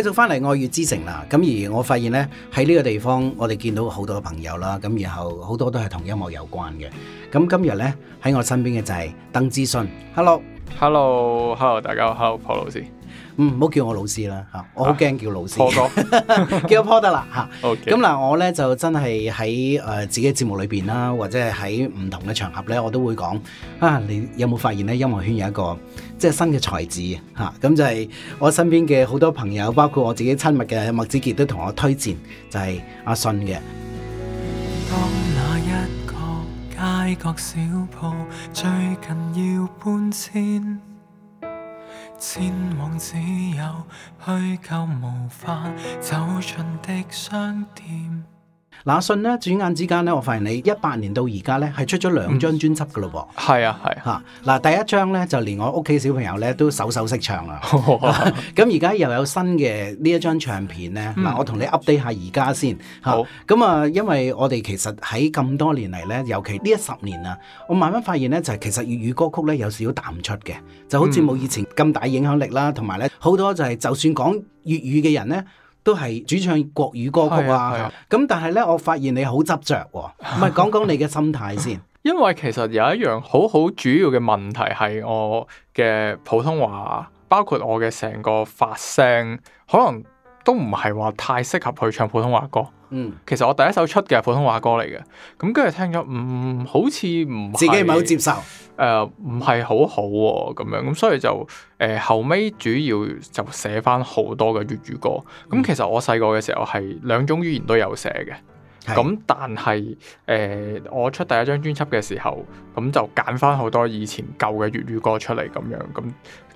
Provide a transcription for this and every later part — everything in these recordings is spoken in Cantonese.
繼續翻嚟愛粵之城啦，咁而我發現呢，喺呢個地方，我哋見到好多朋友啦，咁然後好多都係同音樂有關嘅。咁今日呢，喺我身邊嘅就係鄧志舜。h e l l o h e l l o h e l l o 大家好 h e l l o Paul 老師，唔好，嗯、叫我老師啦吓，我好驚叫老師，啊、 叫 Paul 得啦吓。咁嗱，我呢就真係喺誒自己節目裏邊啦，或者係喺唔同嘅場合呢，我都會講啊，你有冇發現呢音樂圈有一個？即係新嘅才子嚇，咁、啊、就係我身邊嘅好多朋友，包括我自己親密嘅麥子傑都同我推薦，就係、是、阿信嘅。當那一個街角小舖最近要搬遷，遷往只有虛構無法走進的商店。嗱，啊、信咧，轉眼之間咧，我發現你一八年到而家咧，係出咗兩張專輯噶咯喎。係、嗯、啊，係嚇、啊。嗱、啊，第一張咧，就連我屋企小朋友咧都首首識唱 啊。咁而家又有新嘅呢一張唱片咧，嗱、嗯啊，我同你 update 下而家先。啊、好。咁啊，因為我哋其實喺咁多年嚟咧，尤其呢一十年啊，我慢慢發現咧，就係、是、其實粵語歌曲咧有少少淡出嘅，就好似冇以前咁大影響力啦，同埋咧好多就係就算講粵語嘅人咧，都係主唱國語歌曲啊，咁、啊啊、但係咧，我發現你好執着喎，唔係講講你嘅心態先。 因為其實有一樣好好主要嘅問題係我嘅普通話，包括我嘅成個發聲可能。都唔係話太適合去唱普通話歌。嗯，其實我第一首出嘅係普通話歌嚟嘅，咁跟住聽咗，唔、嗯、好似唔自己唔係好接受。誒、呃，唔係好好、啊、咁樣，咁所以就誒、呃、後尾主要就寫翻好多嘅粵語歌。咁、嗯、其實我細個嘅時候係兩種語言都有寫嘅。咁是但係誒、呃，我出第一張專輯嘅時候，咁、嗯、就揀翻好多以前舊嘅粵語歌出嚟咁樣，咁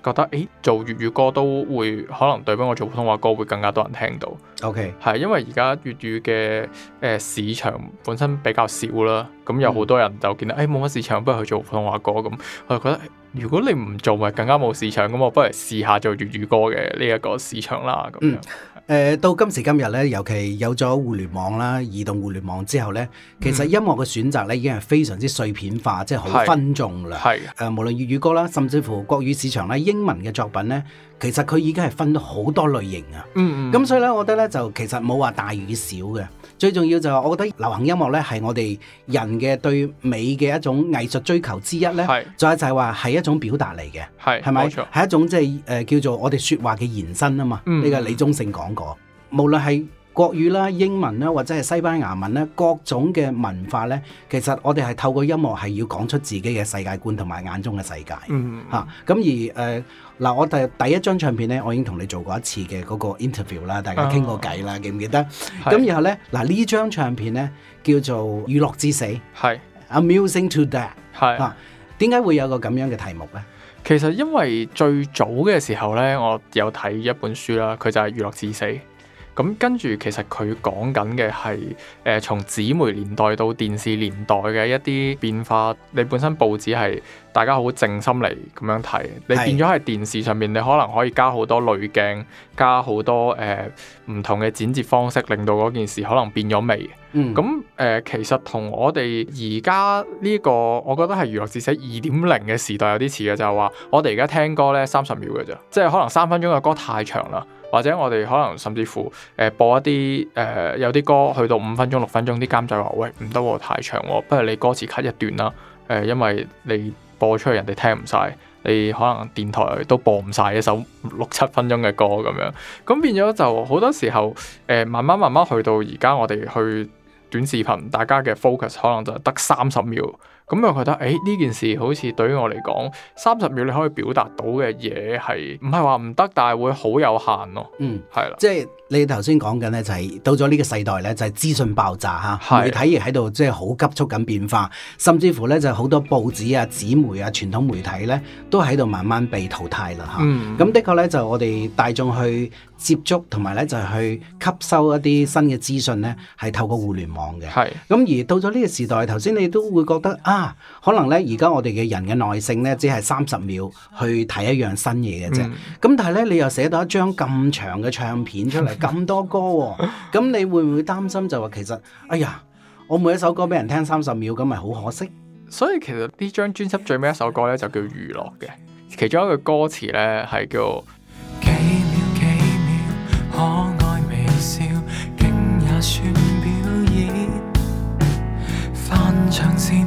覺得誒、欸、做粵語歌都會可能對比我做普通話歌會更加多人聽到。O K，係因為而家粵語嘅誒、呃、市場本身比較少啦，咁有好多人就見到誒冇乜市場，不如去做普通話歌咁。我就覺得如果你唔做，咪更加冇市場咁我不如試下做粵語歌嘅呢一個市場啦咁樣。嗯誒、呃，到今時今日咧，尤其有咗互聯網啦、移動互聯網之後咧，其實音樂嘅選擇咧已經係非常之碎片化，mm. 即係好分眾啦。係，誒，無論粵語歌啦，甚至乎國語市場啦，英文嘅作品咧，其實佢已經係分好多類型啊。嗯嗯，咁所以咧，我覺得咧就其實冇話大與小嘅。最重要就係我覺得流行音樂咧係我哋人嘅對美嘅一種藝術追求之一咧，係是，仲有就係話係一種表達嚟嘅，係是，係咪？係沒錯 一種即係誒叫做我哋說話嘅延伸啊嘛，呢、嗯、個李宗盛講過，無論係。國語啦、英文啦，或者係西班牙文啦，各種嘅文化咧，其實我哋係透過音樂係要講出自己嘅世界觀同埋眼中嘅世界，嚇、嗯。咁、啊、而誒嗱、呃，我第第一張唱片咧，我已經同你做過一次嘅嗰個 interview 啦，大家傾過偈啦，啊、記唔記得？咁是然後咧，嗱呢張唱片咧叫做《娛樂至死》，係是《amusing to Death 是》啊，係嚇。點解會有個咁樣嘅題目咧？其實因為最早嘅時候咧，我有睇一本書啦，佢就係、是《娛樂至死》。咁跟住，其實佢講緊嘅係誒，從紙媒年代到電視年代嘅一啲變化。你本身報紙係大家好靜心嚟咁樣睇，你變咗喺電視上面，是你可能可以加好多濾鏡，加好多誒唔、呃、同嘅剪接方式，令到嗰件事可能變咗味。咁誒、嗯呃，其實同我哋而家呢個，我覺得係娛樂至死二點零嘅時代有啲似嘅，就係、是、話我哋而家聽歌咧三十秒嘅啫，即係可能三分鐘嘅歌太長啦。或者我哋可能甚至乎誒、呃、播一啲誒、呃、有啲歌去到五分鐘、六分鐘，啲監製話：喂，唔得喎，太長喎，不如你歌詞 cut 一段啦。誒、呃，因為你播出嚟人哋聽唔晒，你可能電台都播唔晒一首六七分鐘嘅歌咁樣。咁變咗就好多時候誒、呃，慢慢慢慢去到而家，我哋去短視頻，大家嘅 focus 可能就得三十秒。咁又覺得，誒呢件事好似對於我嚟講，三十秒你可以表達到嘅嘢係唔係話唔得，但係會好有限咯。嗯，係啦，即係。你頭先講緊咧就係到咗呢個世代咧就係資訊爆炸嚇，是媒體亦喺度即係好急速咁變化，甚至乎咧就好多報紙啊、紙媒啊、傳統媒體咧都喺度慢慢被淘汰啦嚇。咁、嗯、的確咧就我哋大眾去接觸同埋咧就係去吸收一啲新嘅資訊咧，係透過互聯網嘅。係咁是而到咗呢個時代，頭先你都會覺得啊，可能咧而家我哋嘅人嘅耐性咧只係三十秒去睇一樣新嘢嘅啫。咁、嗯嗯、但係咧你又寫到一張咁長嘅唱片出嚟。 咁多歌喎、哦，咁你會唔會擔心就話其實，哎呀，我每一首歌俾人聽三十秒，咁咪好可惜。所以其實呢張專輯最尾一首歌咧就叫《愚樂》嘅，其中一個歌詞咧係叫，幾秒幾秒，可愛微笑，竟也算表演，翻唱先。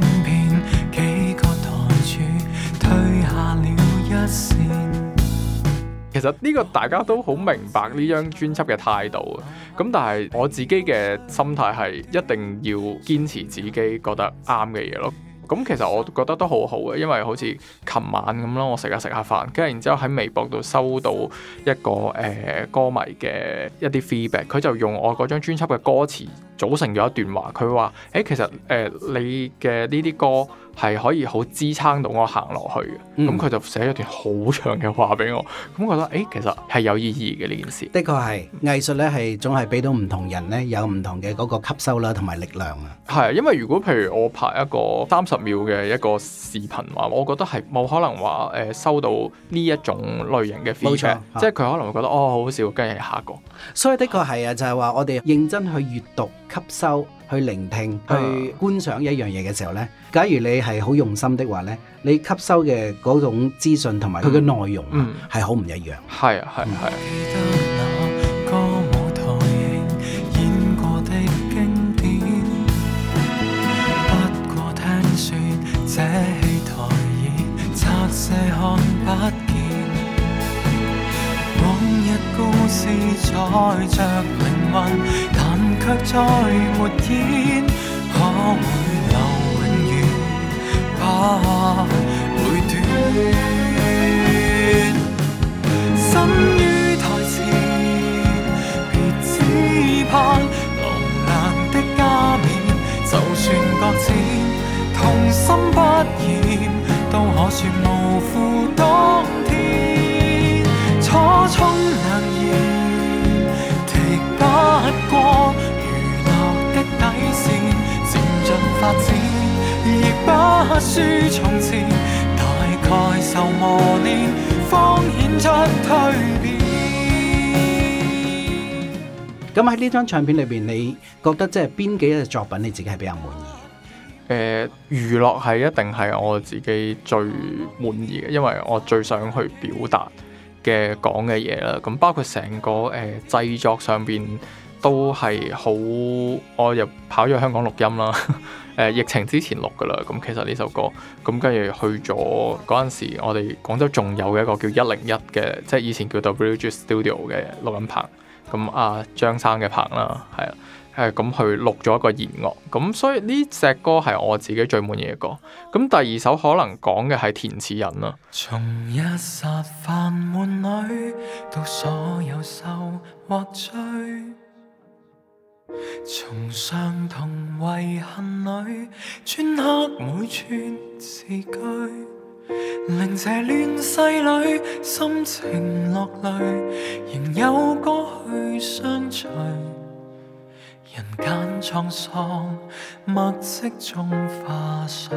其實呢個大家都好明白呢張專輯嘅態度啊，咁但係我自己嘅心態係一定要堅持自己覺得啱嘅嘢咯。咁其實我覺得都好好嘅，因為好似琴晚咁咯，我食下食下飯，跟住然之後喺微博度收到一個誒、呃、歌迷嘅一啲 feedback，佢就用我嗰張專輯嘅歌詞組成咗一段話，佢話：誒、欸、其實誒、呃、你嘅呢啲歌，係可以好支撐到我行落去嘅，咁佢、嗯、就寫咗段好長嘅話俾我，咁覺得誒、欸，其實係有意義嘅呢件事。的確係，藝術咧係總係俾到唔同人咧有唔同嘅嗰個吸收啦，同埋力量啊。係啊，因為如果譬如我拍一個三十秒嘅一個視頻話，我覺得係冇可能話誒、呃、收到呢一種類型嘅 feedback，冇錯，即係佢可能會覺得哦，好笑，跟住下一個。所以的確係啊，就係、是、話我哋認真去閱讀吸收。去聆聽、去觀賞一樣嘢嘅時候呢，假如你係好用心的話呢，你吸收嘅嗰種資訊同埋佢嘅內容係好唔一樣。係啊，係啊，係啊。記得那歌舞台演過的經典，不過聽說這戲台已拆卸看不見，往日故事載着靈魂。卻再沒演，可會留永遠怕會斷心於台前，別只盼濃淡的加冕。就算擱淺，童心不染，都可算無負當天。咁喺呢張唱片裏邊，你覺得即係邊幾隻作品你自己係比較滿意？誒、呃，愚樂係一定係我自己最滿意嘅，因為我最想去表達嘅講嘅嘢啦。咁包括成個誒、呃、製作上邊都係好，我又跑咗香港錄音啦。 誒，疫情之前錄㗎啦，咁其實呢首歌，咁跟住去咗嗰陣時，我哋廣州仲有嘅一個叫一零一嘅，即係以前叫 WG Studio 嘅錄音棚，咁阿張生嘅棚啦，係啊，係咁去錄咗一個弦樂，咁所以呢隻歌係我自己最滿意嘅歌，咁第二首可能講嘅係填詞人啦、啊。從一從傷痛遺憾裏鐫刻每串字句，令這亂世裏心情落淚，仍有歌去相隨。人間滄桑，墨色中化水。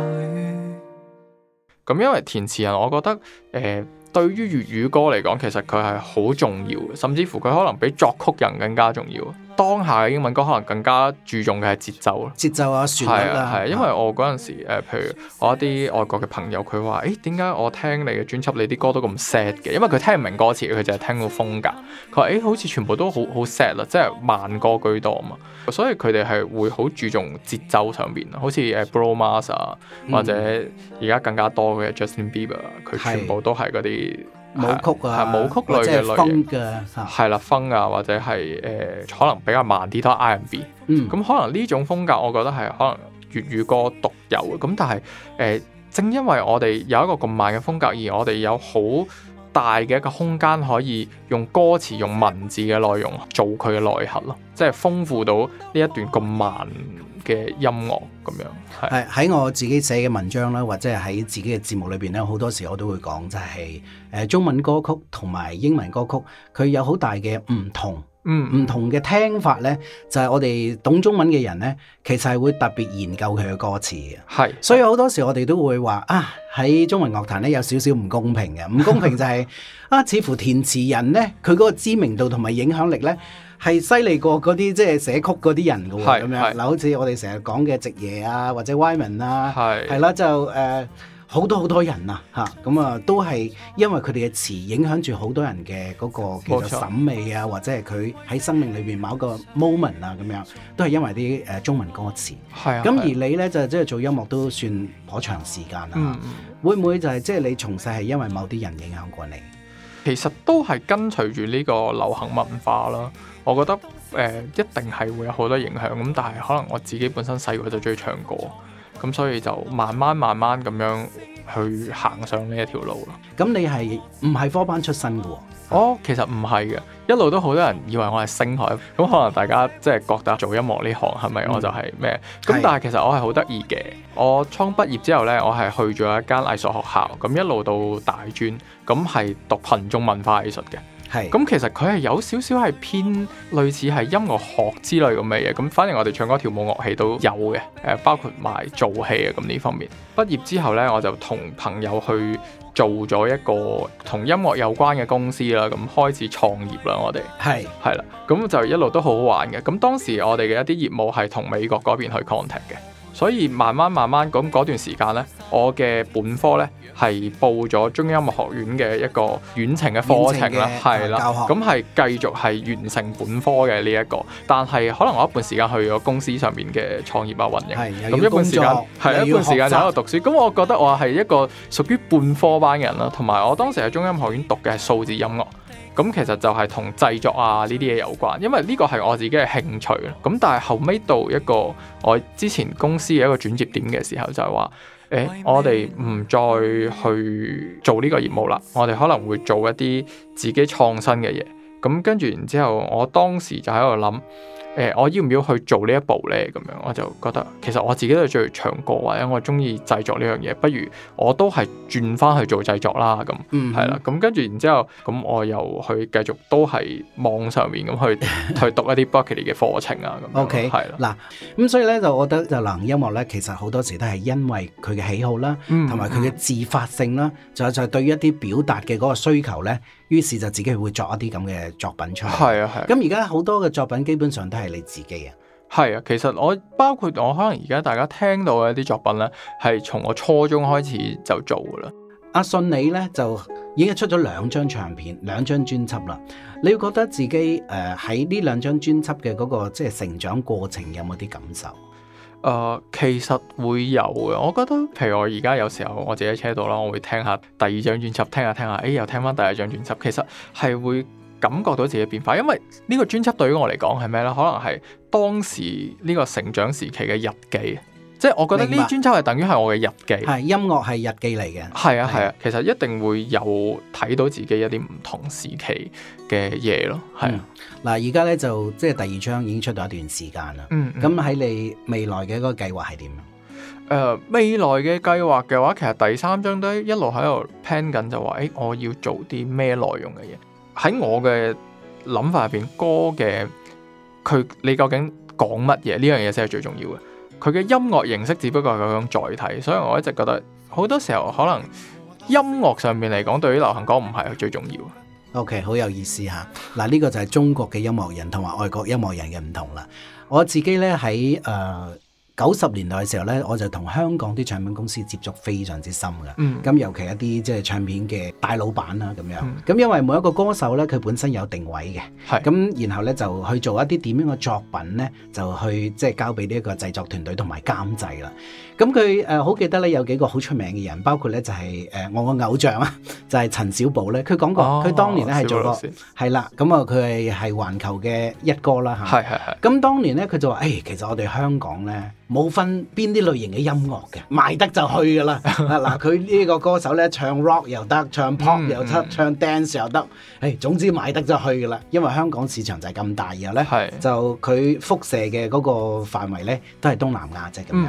咁因為填詞人，我覺得誒、呃，對於粵語歌嚟講，其實佢係好重要，甚至乎佢可能比作曲人更加重要。當下嘅英文歌可能更加注重嘅係節奏咯，節奏啊，旋律啊。係啊，係啊，因為我嗰陣時、呃、譬如我一啲外國嘅朋友，佢話：誒點解我聽你嘅專輯，你啲歌都咁 sad 嘅？因為佢聽唔明歌詞，佢淨係聽個風格。佢話：誒、欸、好似全部都好好 sad 啦，即係慢歌居多啊嘛。所以佢哋係會好注重節奏上邊好似誒 Bruno Mars 啊，或者而家更加多嘅 Justin Bieber，佢、嗯、全部都係嗰啲。舞曲啊，舞曲類嘅類型，或者係風嘅，係啦，風啊，或者係誒，可能比較慢啲多 R&B、嗯。咁可能呢種風格，我覺得係可能粵語歌獨有嘅。咁但係誒、呃，正因為我哋有一個咁慢嘅風格，而我哋有好大嘅一個空間可以用歌詞、用文字嘅內容做佢嘅內核咯，即係豐富到呢一段咁慢嘅音樂咁樣。係喺我自己寫嘅文章啦，或者喺自己嘅節目裏邊咧，好多時我都會講就係、是、誒、呃、中文歌曲同埋英文歌曲，佢有好大嘅唔同。嗯，唔同嘅聽法咧，就係、是、我哋懂中文嘅人咧，其實係會特別研究佢嘅歌詞嘅。係是，所以好多時我哋都會話啊，喺中文樂壇咧有少少唔公平嘅，唔公平就係、是、 啊，似乎填詞人咧佢嗰個知名度同埋影響力咧係犀利過嗰啲即係寫曲嗰啲人嘅咁是樣嗱，好似是我哋成日講嘅植爺啊，或者 Wyman 啊，係係啦就誒。呃好多好多人啊，吓，咁啊，都係因為佢哋嘅詞影響住好多人嘅嗰個其實審美啊，錯或者係佢喺生命裏邊某一個 moment 啊，咁樣都係因為啲誒中文歌詞，係啊，咁而你咧、啊、就即係做音樂都算頗長時間啦、啊。嗯、會唔會就係即係你從細係因為某啲人影響過你？其實都係跟隨住呢個流行文化啦。我覺得誒、呃、一定係會有好多影響，咁，但係可能我自己本身細個就中意唱歌。咁所以就慢慢慢慢咁樣去行上呢一條路啦。咁你係唔係科班出身嘅、哦？哦，其實唔係嘅，一路都好多人以為我係星海，咁可能大家即係覺得做音樂呢行係咪我就係咩？咁、嗯、但係其實我係好得意嘅。我初畢業之後呢，我係去咗一間藝術學校，咁一路到大專，咁係讀群眾文化藝術嘅。係咁，其實佢係有少少係偏類似係音樂學之類咁嘅嘢，咁反而我哋唱歌跳舞樂器都有嘅，誒包括埋做戲啊，咁呢方面。畢業之後呢，我就同朋友去做咗一個同音樂有關嘅公司啦，咁開始創業啦我哋。係係啦，咁就一路都好好玩嘅。咁當時我哋嘅一啲業務係同美國嗰邊去 contact 嘅。所以慢慢慢慢咁嗰段時間咧，我嘅本科咧係報咗中央音樂學院嘅一個遠程嘅課程啦，係啦，咁係繼續，係完成本科嘅呢一個，但係可能我一半時間去咗公司上面嘅創業啊運營，咁一半時間係一半時間就喺度讀書，咁我覺得我係一個屬於半科班嘅人啦，同埋我當時喺中央音樂學院讀嘅係數字音樂。咁其實就係同製作啊呢啲嘢有關，因為呢個係我自己嘅興趣啦。咁但係後尾到一個我之前公司嘅一個轉折點嘅時候，就係話，誒，我哋唔再去做呢個業務啦，我哋可能會做一啲自己創新嘅嘢。咁跟住然之後，我當時就喺度諗。誒、呃，我要唔要去做呢一步咧？咁樣我就覺得其實我自己都係最唱歌或者我中意製作呢樣嘢，不如我都係轉翻去做製作啦。咁，係啦、嗯哼。咁跟住然之後，咁我又去繼續都係網上面咁去 去讀一啲 Bakery 嘅課程啊。咁 OK，係啦的。嗱，咁所以咧就我覺得就流行音樂咧，其實好多時都係因為佢嘅喜好啦，同埋佢嘅自發性啦，再、就、再、是、對於一啲表達嘅嗰個需求咧。於是就自己會作一啲咁嘅作品出嚟。係啊，係。咁而家好多嘅作品基本上都係你自己啊。係啊，其實我包括我可能而家大家聽到嘅一啲作品咧，係從我初中開始就做噶啦。阿信你咧就已經出咗兩張唱片、兩張專輯啦。你覺得自己誒喺呢兩張專輯嘅嗰、那個即係、就是、成長過程有冇啲感受？誒、呃，其實會有，我覺得，譬如我而家有時候我自己喺車度啦，我會聽下第二張專輯，聽下聽下，誒、哎，又聽翻第二張專輯，其實係會感覺到自己變化，因為呢個專輯對於我嚟講係咩呢？可能係當時呢個成長時期嘅日記。即係我覺得呢啲專輯係等於係我嘅日記，係音樂係日記嚟嘅。係啊係啊，其實一定會有睇到自己一啲唔同時期嘅嘢咯。係啊，嗱而家咧就即係第二張已經出到一段時間啦。咁喺、嗯嗯、你未來嘅嗰個計劃係點樣？誒、呃，未來嘅計劃嘅話，其實第三張都一路喺度 plan 緊，就話誒我要做啲咩內容嘅嘢。喺我嘅諗法入邊，歌嘅佢你究竟講乜嘢呢樣嘢先係最重要嘅。佢嘅音樂形式只不過係一種載體，所以我一直覺得好多時候可能音樂上面嚟講，對於流行歌唔係最重要。OK，好有意思嚇，嗱，呢個就係中國嘅音樂人同埋外國音樂人嘅唔同啦。我自己咧喺誒。九十年代嘅時候呢，我就同香港啲唱片公司接觸非常之深嘅。咁、嗯、尤其一啲即係唱片嘅大老闆啦，咁樣。咁、嗯、因為每一個歌手呢，佢本身有定位嘅。咁是然後呢，就去做一啲點樣嘅作品呢，就去即係、就是、交俾呢一個製作團隊同埋監製啦。咁佢誒好記得咧，有幾個好出名嘅人，包括咧就係誒我嘅偶像啊， 就係陳小寶咧。佢講過，佢當年咧係做過，係啦、oh。咁啊、嗯，佢、嗯、係環球嘅一哥啦嚇。係係係。咁、嗯、當年咧，佢就話：誒、哎，其實我哋香港咧冇分邊啲類型嘅音樂嘅，賣得就去噶啦。嗱， 佢呢個歌手咧，唱 rock 又得，唱 pop 又得，唱 dance 又得。誒，總之賣得就去噶啦。因為香港市場就係咁大，然後咧就佢輻射嘅嗰個範圍咧都係東南亞啫咁樣。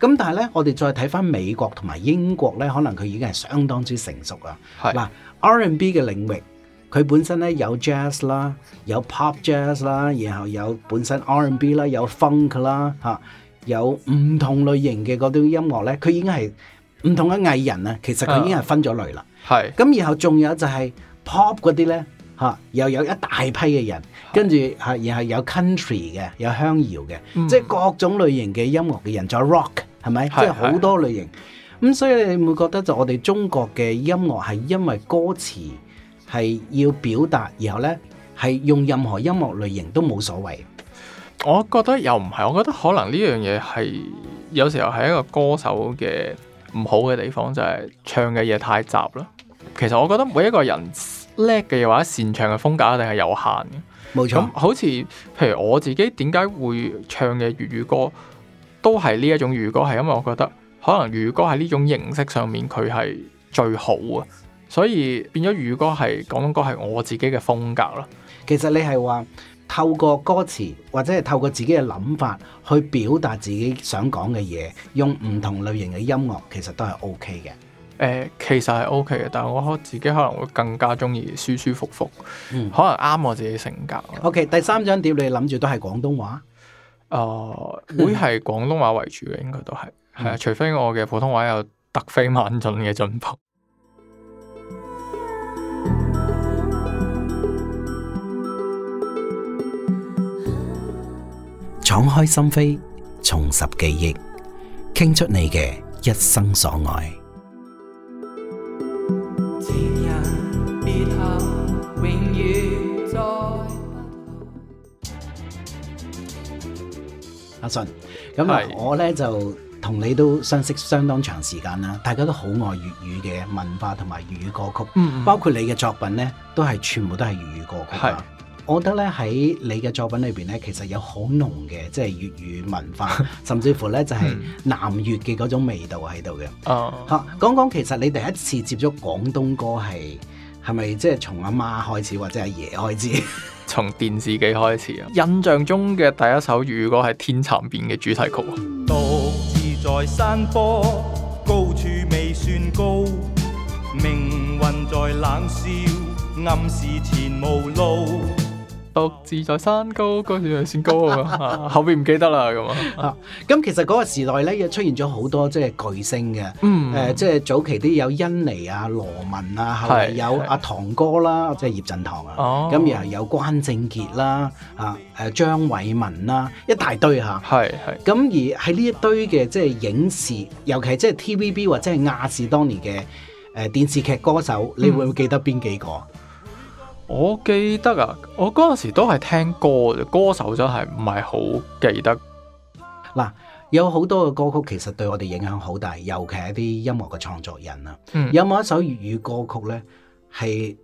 咁 但係。咧，我哋再睇翻美國同埋英國咧，可能佢已經係相當之成熟啊。嗱，R&B 嘅領域，佢本身咧有 jazz 啦，有 pop jazz 啦，然後有本身 R&B 啦，有 funk 啦，嚇，有唔同類型嘅嗰啲音樂咧，佢已經係唔同嘅藝人啊。其實佢已經係分咗類啦。係的。咁然後仲有就係 pop 嗰啲咧，嚇，又有一大批嘅人的跟住嚇，然後有 country 嘅，有鄉搖嘅，嗯、即係各種類型嘅音樂嘅人，在 rock。係咪？即係好多類型咁，的所以你會覺得就我哋中國嘅音樂係因為歌詞係要表達，然後呢係用任何音樂類型都冇所謂。我覺得又唔係，我覺得可能呢樣嘢係有時候係一個歌手嘅唔好嘅地方，就係、是、唱嘅嘢太雜啦。其實我覺得每一個人叻嘅話，擅唱嘅風格一定係有限嘅。冇錯錯，咁好似譬如我自己點解會唱嘅粵語歌？都係呢一種粵歌，係因為我覺得可能粵歌喺呢種形式上面佢係最好啊，所以變咗粵歌係廣東歌係我自己嘅風格咯。其實你係話透過歌詞或者係透過自己嘅諗法去表達自己想講嘅嘢，用唔同類型嘅音樂其實都係 O K 嘅。誒、呃，其實係 O K 嘅，但我自己可能會更加中意舒舒服服，嗯、可能啱我自己性格。O、okay, K，第三張碟你諗住都係廣東話。啊！會係、uh, 廣東話為主嘅，應該都係，係啊，除非我嘅普通話有突飛猛進嘅進步。敞開心扉，重拾記憶，傾出你嘅一生所愛。阿信，咁啊，我咧是就同你都相識相當長時間啦，大家都好愛粵語嘅文化同埋粵語歌曲，嗯、包括你嘅作品呢，都係全部都係粵語歌曲。是我覺得咧喺你嘅作品裏邊呢，其實有好濃嘅即係粵語文化，甚至乎呢，就係南粵嘅嗰種味道喺度嘅。哦、嗯，講講其實你第一次接觸廣東歌係。係咪即係從阿媽開始，或者係阿爺開始？從 電視機開始啊！印象中嘅第一首粵語歌係《天蠶變》嘅主題曲。 獨自在山坡，高處未算高，命運在冷笑，暗示前無路。」獨自在山高，高處未算高啊！ 後面唔記得啦咁啊。咁 其實嗰個時代咧，亦出現咗好多即係巨星嘅。嗯，誒、呃，即係早期都有甄妮啊、羅文後啊，係有阿唐哥啦，即係葉振棠啊。咁、哦、然後有關正傑啦，啊，誒張偉文啦，一大堆嚇、啊。係係。咁而喺呢一堆嘅即係影視，尤其即係 TVB 或者係亞視當年嘅誒電視劇歌手，嗯、你會唔會記得邊幾個？嗯我記得啊，我嗰陣時都係聽歌，歌手真係唔係好記得。嗱，有好多嘅歌曲其實對我哋影響好大，尤其係啲音樂嘅創作人啊。嗯、有冇一首粵語歌曲呢，係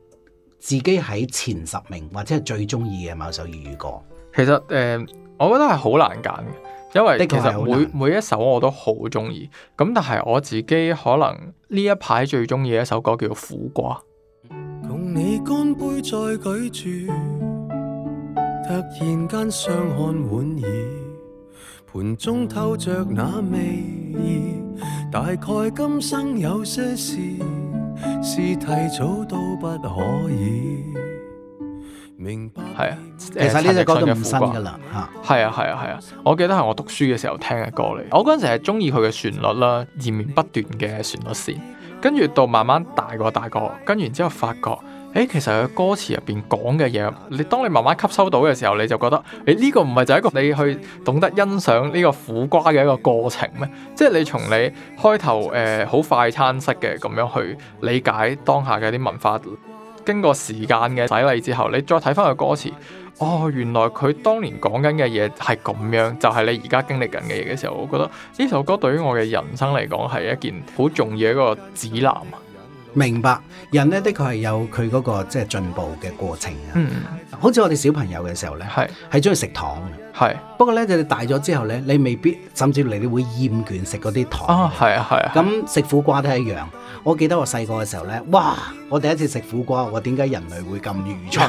自己喺前十名或者係最中意嘅某首粵語歌？其實誒、呃，我覺得係好難揀嘅，因為其實每每一首我都好中意。咁但係我自己可能呢一排最中意一首歌叫做《苦瓜》。同你乾杯再舉箸，突然間相看莞爾，盤中透着那味兒，大概今生有些事，是提早都不可以。明白。係啊，其實呢隻歌都唔新噶啦。係啊，係啊，係啊,啊,啊，我記得係我讀書嘅時候聽嘅歌嚟。我嗰陣時係中意佢嘅旋律啦，延綿不斷嘅旋律線。跟住到慢慢大個大個，跟完之後發覺，誒，其實佢歌詞入邊講嘅嘢，你當你慢慢吸收到嘅時候，你就覺得，你呢、呢個唔係就係一個你去懂得欣賞呢個苦瓜嘅一個過程咩？即係你從你開頭誒好、呃、快餐式嘅咁樣去理解當下嘅啲文化。經過時間嘅洗禮之後，你再睇翻個歌詞，哦，原來佢當年講緊嘅嘢係咁樣，就係、是、你而家經歷緊嘅嘢嘅時候，我覺得呢首歌對於我嘅人生嚟講係一件好重要一個指南啊！明白，人呢，的確係有佢嗰、那個即係、就是、進步嘅過程啊！嗯、好似我哋小朋友嘅時候呢，係係中意食糖係，不過是呢，你大咗之後呢，你未必甚至你你會厭倦食嗰啲糖啊，係啊係啊，咁食苦瓜都係一樣。我記得我細個嘅時候咧，哇！我第一次食苦瓜，我點解人類會咁愚蠢？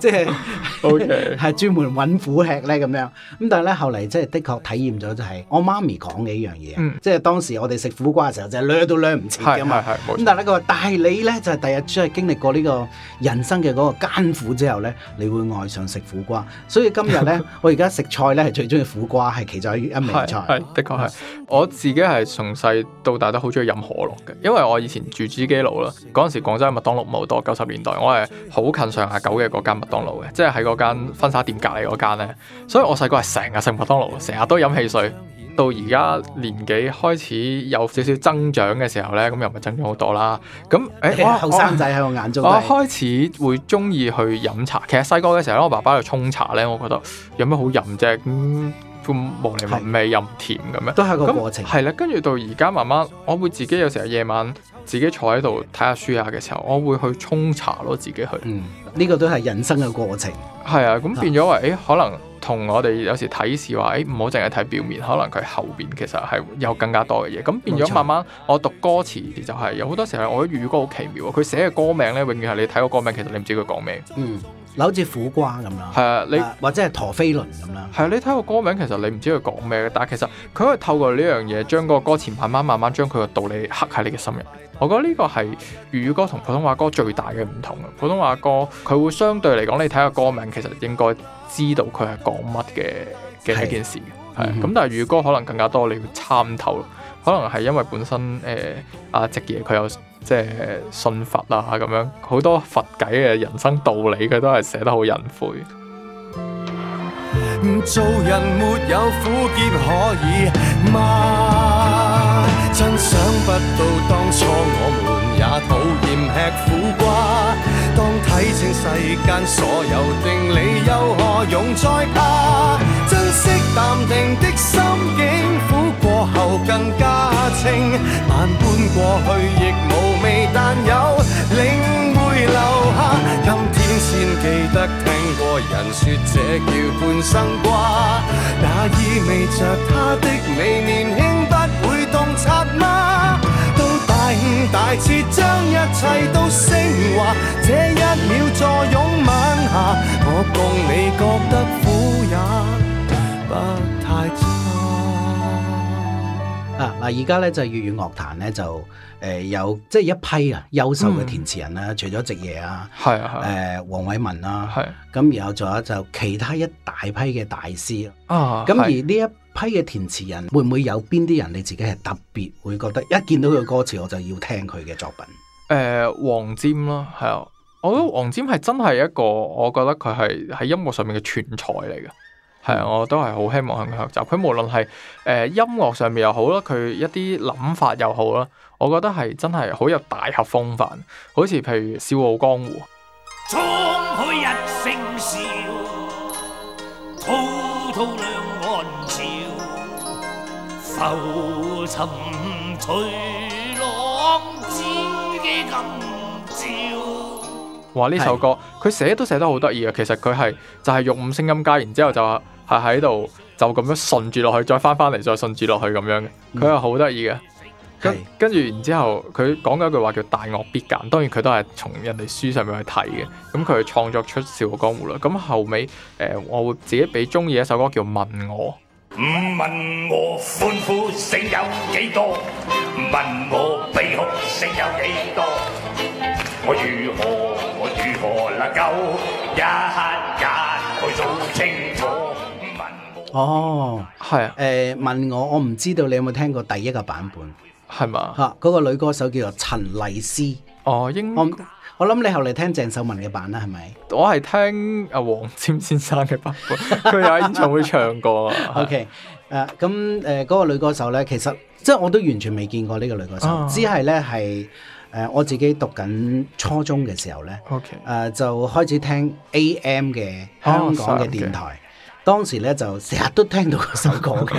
即係 OK，係專門揾苦吃咧咁樣。咁但係咧後嚟即係的確體驗咗就係我媽咪講嘅一樣嘢，即係、mm. 當時我哋食苦瓜嘅時候就係舐都舐唔切㗎嘛。咁 但係佢話，但係你咧就係、是、第日出去經歷過呢個人生嘅嗰個艱苦之後咧，你會愛上食苦瓜。所以今日咧， 我而家食菜咧係最中意苦瓜，係其中一一味菜。 的確係，我自己係從細到大都好中意飲可樂嘅，因為。因我以前住珠璣路啦，嗰陣時廣州麥當勞唔好多，九十年代我係好近上下九嘅嗰間麥當勞嘅，即係喺嗰間婚紗店隔籬嗰間咧，所以我細個係成日食麥當勞，成日都飲汽水，到而家年紀開始有少少增長嘅時候咧，咁又唔係增長好多啦。咁、欸、我後生仔喺我眼中，我開始會中意去飲茶。其實細個嘅時候咧，我爸爸喺度沖茶咧，我覺得有咩好飲啫咁。嗯唔冇味，唔甜咁啊！都係個過程。係啦，跟住到而家慢慢，我會自己有時候夜晚自己坐喺度睇下書啊嘅時候，我會去沖茶咯，自己去。嗯，呢、這個都係人生嘅過程。係啊、嗯，咁變咗話，誒、嗯，可能同我哋有時睇事話，誒，唔好淨係睇表面，可能佢後邊其實係有更加多嘅嘢。咁變咗慢慢，我讀歌詞啲就係、是、有好多時候，我覺得粵語歌好奇妙啊！佢寫嘅歌名咧，永遠係你睇個歌名，其實你唔知佢講咩。嗯。好似苦瓜咁啦，係啊，你或者係陀飛輪咁啦，係啊，你睇個歌名其實你唔知佢講咩嘅，但係其實佢可以透過呢樣嘢將個歌詞慢慢慢慢將佢個道理刻喺你嘅心入。我覺得呢個係粵語歌同普通話歌最大嘅唔同啊！普通話歌佢會相對嚟講，你睇個歌名其實應該知道佢係講乜嘅嘅一件事嘅，係咁。嗯、哼但係粵語歌可能更加多你要參透。可能係因為本身誒阿夕爺佢有即係信佛啊咁樣，好多佛偈嘅人生道理，佢都係寫得好隱晦。做人沒有苦澀可以嗎？真想不到當初我們也討厭吃苦瓜，當睇清世間所有定理，又何用再怕？珍惜淡定的心境，苦過後更加清，萬般過去亦無味，但有領會留下。今天先記得聽過人說，這叫半生瓜。那意味著他的美年輕不會洞察嗎？到大悟大徹，將一切都升華。這一秒坐擁晚霞，我共你覺得苦也不太。嗱，而家咧就粵語樂壇咧就誒有即係一批啊優秀嘅填詞人啦，嗯、除咗直爺啊，係啊，誒黃偉文啊，係，咁然後仲有就其他一大批嘅大師啊，咁而呢一批嘅填詞人，啊啊、會唔會有邊啲人你自己係特別會覺得一見到佢嘅歌詞我就要聽佢嘅作品？誒、呃、黃霑咯，係啊，我覺得黃霑係真係一個，我覺得佢係喺音樂上面嘅全才嚟嘅。係啊、嗯，我都係好希望向佢學習。佢無論係誒音樂上面又好啦，佢一啲諗法又好啦，我覺得係真係好有大俠風範。好似譬如《笑傲江湖》。滄海一聲笑，滔滔兩岸潮，浮沉隨浪，知哇！呢首歌佢寫的都寫得好得意啊，其實佢係就係用五聲音階，然之後就係喺度就咁樣順住落去，再翻翻嚟，再順住落去咁樣嘅，佢係好得意嘅。跟住然之後佢講嘅一句話叫大樂必減，當然佢都係從人哋書上面去睇嘅。咁佢創作出笑《笑傲江湖》啦。咁後尾誒，我會自己俾中意一首歌叫《問我》。問我歡呼聲有幾多？問我悲哭聲有幾多？我如何？何一清楚。哦，係啊，誒、呃，問我我唔知道你有冇聽過第一個版本，係嘛嗎？吓、啊，嗰、那個女歌手叫做陳麗斯。哦，應我我諗你後嚟聽鄭秀文嘅版啦，係咪？我係聽阿黃霑先生嘅版本，佢 有喺演唱會唱過。 OK，誒、啊，咁誒，嗰個女歌手咧，其實即係我都完全未見過呢個女歌手，啊、只係咧係。誒、uh, 我自己讀緊初中嘅時候咧，誒 Okay.、呃、就開始聽 AM 嘅香港嘅電台，oh, sorry, okay。當時呢，就成日都聽到嗰首歌嘅，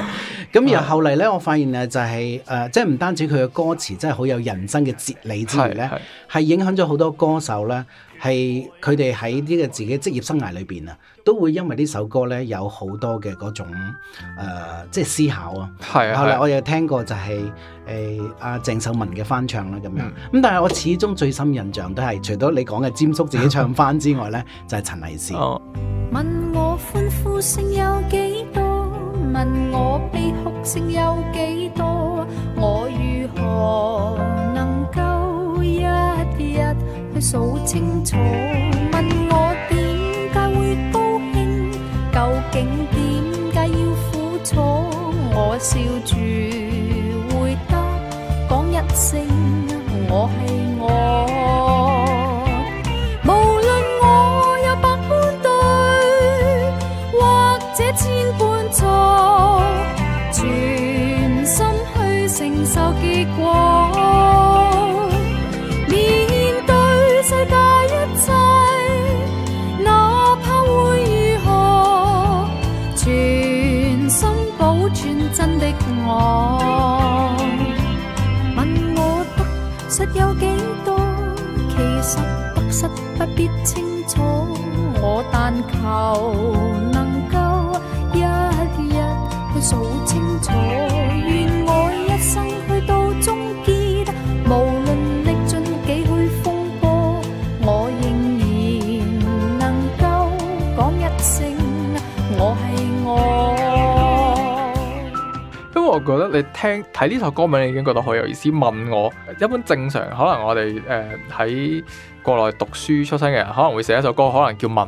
咁然 後後嚟呢，我發現呢，就係、是、誒、呃、即係唔單止佢嘅歌詞真係好有人生嘅哲理之餘呢，係影響咗好多歌手呢。係佢哋喺呢個自己職業生涯裏邊啊，都會因為呢首歌呢，有好多嘅嗰種、呃、即係思考啊。係啊，後來我又聽過就係誒阿鄭秀文嘅翻唱啦咁樣。咁、嗯、但係我始終最深印象都係除咗你講嘅占叔自己唱翻之外呢 就係陳麗斯、哦、問我歡呼聲有幾多，問我悲哭聲有幾多，我如何數清楚，問我點解會高興，究竟點解要苦楚？我笑住回答，講一聲我係。不必清楚，我但求能夠一一去數。我覺得你聽睇呢首歌名已經覺得好有意思。問我一般正常，可能我哋誒喺國內讀書出身嘅人，可能會寫一首歌，可能叫問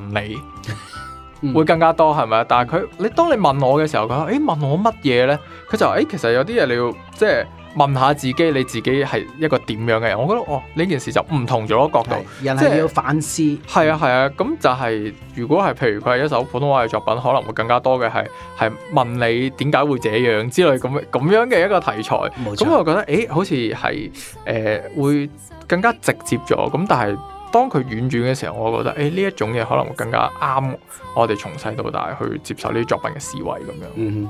你，會更加多，係咪？但係佢，你當你問我嘅時候，佢話：誒、欸、問我乜嘢咧？佢就話誒、欸，其實有啲嘢你要，即係。問下自己，你自己係一個點樣嘅人？我覺得哦，呢件事就唔同咗個角度，人係要反思。係啊係啊，咁就係、係、如果係譬如佢係一首普通話嘅作品，可能會更加多嘅係係問你點解會這樣之類咁咁樣嘅一個題材。咁冇錯。我覺得誒、欸，好似係誒會更加直接咗。咁但係當佢婉轉嘅時候，我覺得誒呢、欸、一種嘢可能會更加啱我哋從細到大去接受呢啲作品嘅思維咁樣。嗯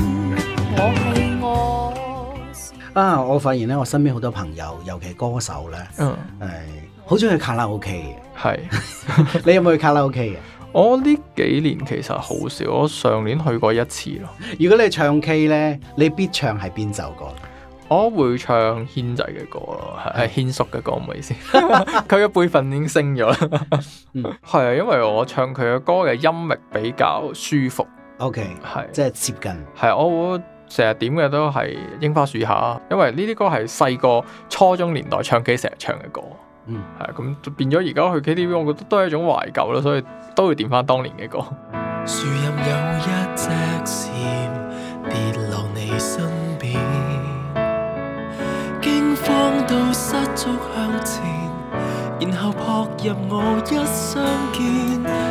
啊！Uh，我發現咧，我身邊好多朋友，尤其歌手咧，誒、uh，好中意卡拉 OK 嘅。係，你有冇去卡拉 OK 嘅？我呢幾年其實好少，我上年去過一次咯。如果你唱 K 咧，你必唱係邊首歌？ 我會唱軒仔嘅歌咯，係的軒叔嘅歌，唔好意思，佢嘅輩分已經升咗啦。嗯，係啊，因為我唱佢嘅歌嘅音域比較舒服。OK，係，即係接近。係，我會。成日點嘅都係櫻花樹下，因為呢啲歌係細個初中年代唱 K 成日唱嘅歌，嗯，係咁，變咗而家去 KTV，我覺得都係一種懷舊咯，所以都會點翻當年嘅歌。樹蔭有一隻蟬跌落你身邊，驚慌到失足向前，然後撲入我一雙肩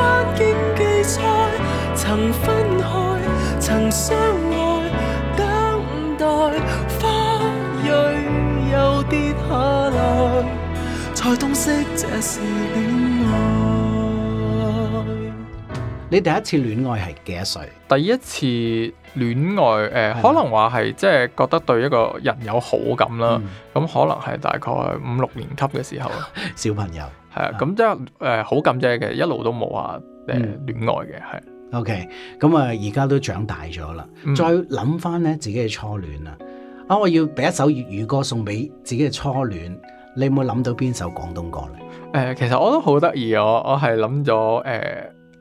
凡幾載，曾分開，曾相愛，等待花蕊又跌下來，才洞悉這是戀愛。你第一次戀愛係幾多歲？第一次戀愛誒，呃、吧可能話係即係覺得對一個人有好感啦，咁、嗯、可能係大概五六年級嘅時候，小朋友係呵、就是、啊，咁即係誒好感啫嘅，一路都冇話誒戀愛嘅，係 OK、嗯。咁啊，而家都長大咗啦，嗯、再諗翻咧自己嘅初戀啊，啊、呃，我要俾一首粵語歌送俾自己嘅初戀，你有冇諗到邊首廣東歌咧？誒、呃，其實我都好得意，我我係諗咗誒。呃嗯嗯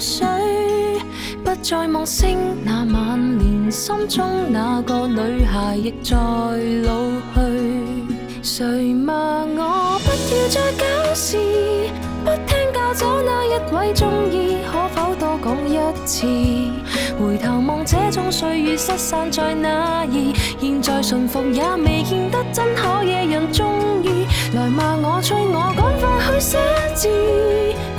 水不再望星，那晚連心中那個女孩亦在老去。誰罵我不要再搞事？不聽教早那一位中意，可否多講一次？回頭望這種歲月失散在哪兒？現在順服也未見得真可惹人中意。來罵我，催我，趕快去寫字。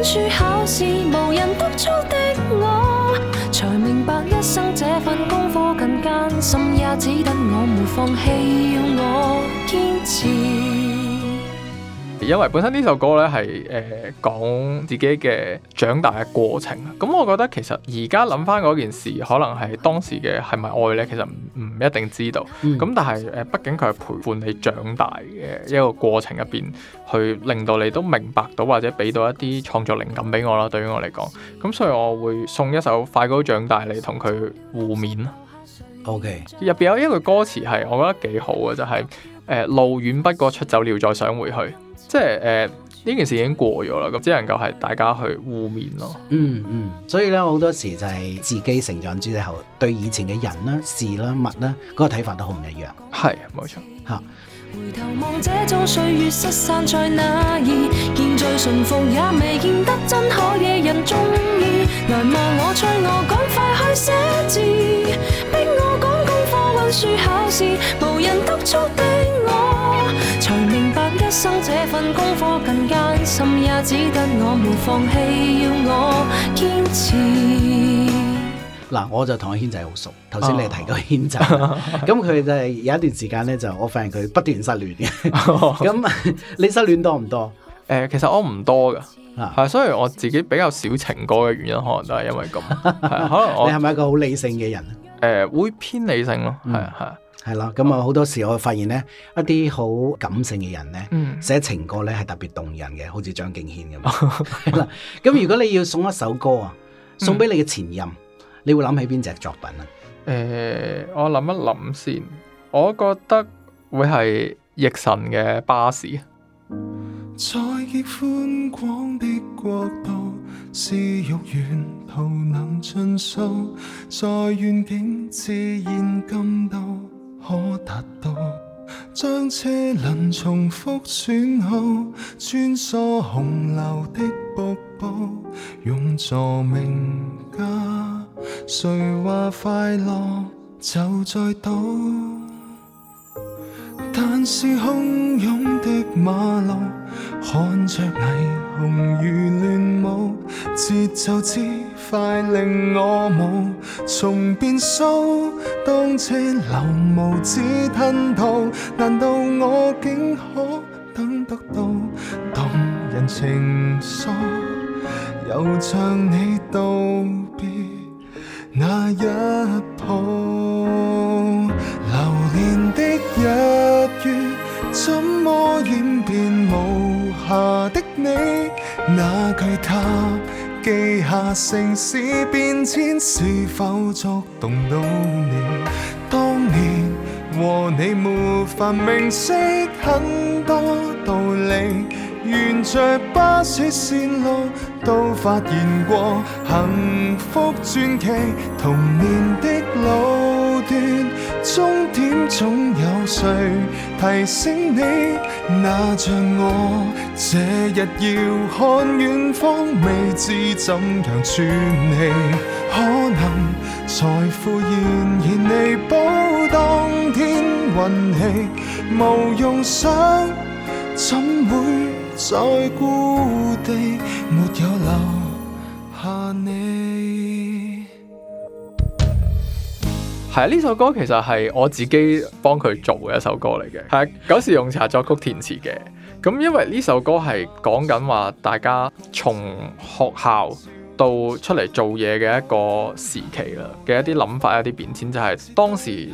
遠處考試無人督促的我，才明白一生這份功課更艱辛，也只得我沒放棄，要我堅持。因為本身呢首歌咧係誒講自己嘅長大嘅過程，咁我覺得其實而家諗翻嗰件事，可能係當時嘅係咪愛咧，其實唔唔一定知道。咁、嗯、但係誒，畢、呃、竟佢係陪伴你長大嘅一個過程入邊，去令到你都明白到或者俾到一啲創作靈感俾我啦。對於我嚟講，咁所以我會送一首《快高長大》嚟同佢互勉啦 O K。入邊有一句歌詞係我覺得幾好嘅，就係、是、誒、呃、路遠不過出走了再想回去。即係誒呢件事已經過咗啦，咁只能夠係大家去互勉咯。嗯嗯，所以咧好多時就係自己成長之後，對以前嘅人啦、事啦、物啦，嗰個睇法都好唔一樣。係冇錯嚇。生這份功課更加深，也只得我們放棄。要我堅持嗱， 我就同阿軒仔好熟。頭先你提過軒仔，咁佢就係有一段時間咧，就我發現佢不斷失戀嘅。咁、哦、 你失戀多唔多？誒、呃，其實我唔多㗎，係， 所以我自己比較少情歌嘅原因，可能都係因為咁。 可能我你係咪一個好理性嘅人？誒、呃，會偏理性咯，係啊、嗯，係啊。係啦，咁啊好多時我發現呢，一啲好感性嘅人呢，寫、嗯、情歌呢係特別動人嘅，好似張敬軒咁。咁如果你要送一首歌啊，送俾你嘅前任，嗯、你會諗起邊隻作品啊？誒、欸，我諗一諗先，我覺得會係奕辰嘅巴士。 在極寬廣的國度，是欲沿途能盡訴，在遠景自然感到。可達到，將車輪重複損耗，穿梭洪流的瀑布，擁座名家。誰話快樂就在到？但是洶湧的馬路，看著霓虹如亂舞，節奏之。快令我無從變數，當車流無止吞吐，難道我竟可等得到動人情愫？又像你道別那一抱，流連的日月，怎麼演變無瑕的你？那句他。記下城市變遷，是否觸動到你？當年和你沒法明晰很多道理，沿着巴士線路都發現過幸福傳奇，童年的路段。終點總有誰提醒你？那像我這日遙看遠方，未知怎樣喘氣，可能財富仍然彌補當天運氣，無用想怎會再故地沒有留。係啊，呢首歌其實係我自己幫佢做嘅一首歌嚟嘅。係啊，久時用茶作曲填詞嘅。咁因為呢首歌係講緊話大家從學校到出嚟做嘢嘅一個時期啦，嘅一啲諗法、一啲變遷就係當時。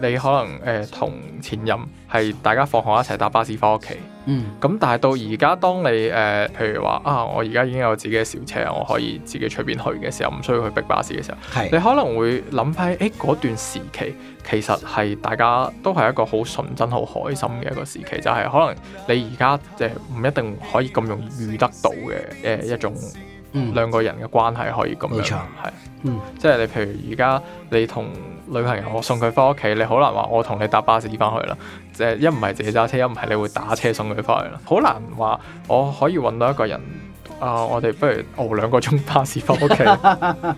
你可能誒、呃、同前任係大家放學一齊搭巴士返屋企，嗯，咁但係到而家，當你誒、呃、譬如話啊，我而家已經有自己嘅小車，我可以自己隨便去嘅時候，唔需要去逼巴士嘅時候，係是你可能會諗返誒嗰段時期，其實係大家都係一個好純真、好開心嘅一個時期，就係、是、可能你而家即係唔一定可以咁容易遇得到嘅誒、呃、一種兩個人嘅關係可以咁樣，冇、嗯、錯，即係、嗯、你譬如而家你同。女朋友，我送佢翻屋企，你好難話我同你搭巴士翻去啦。即係一唔係自己揸車，一唔係你會打車送佢翻去啦。好難話我可以揾到一個人啊、呃，我哋不如熬兩個鐘巴士翻屋企，係啦。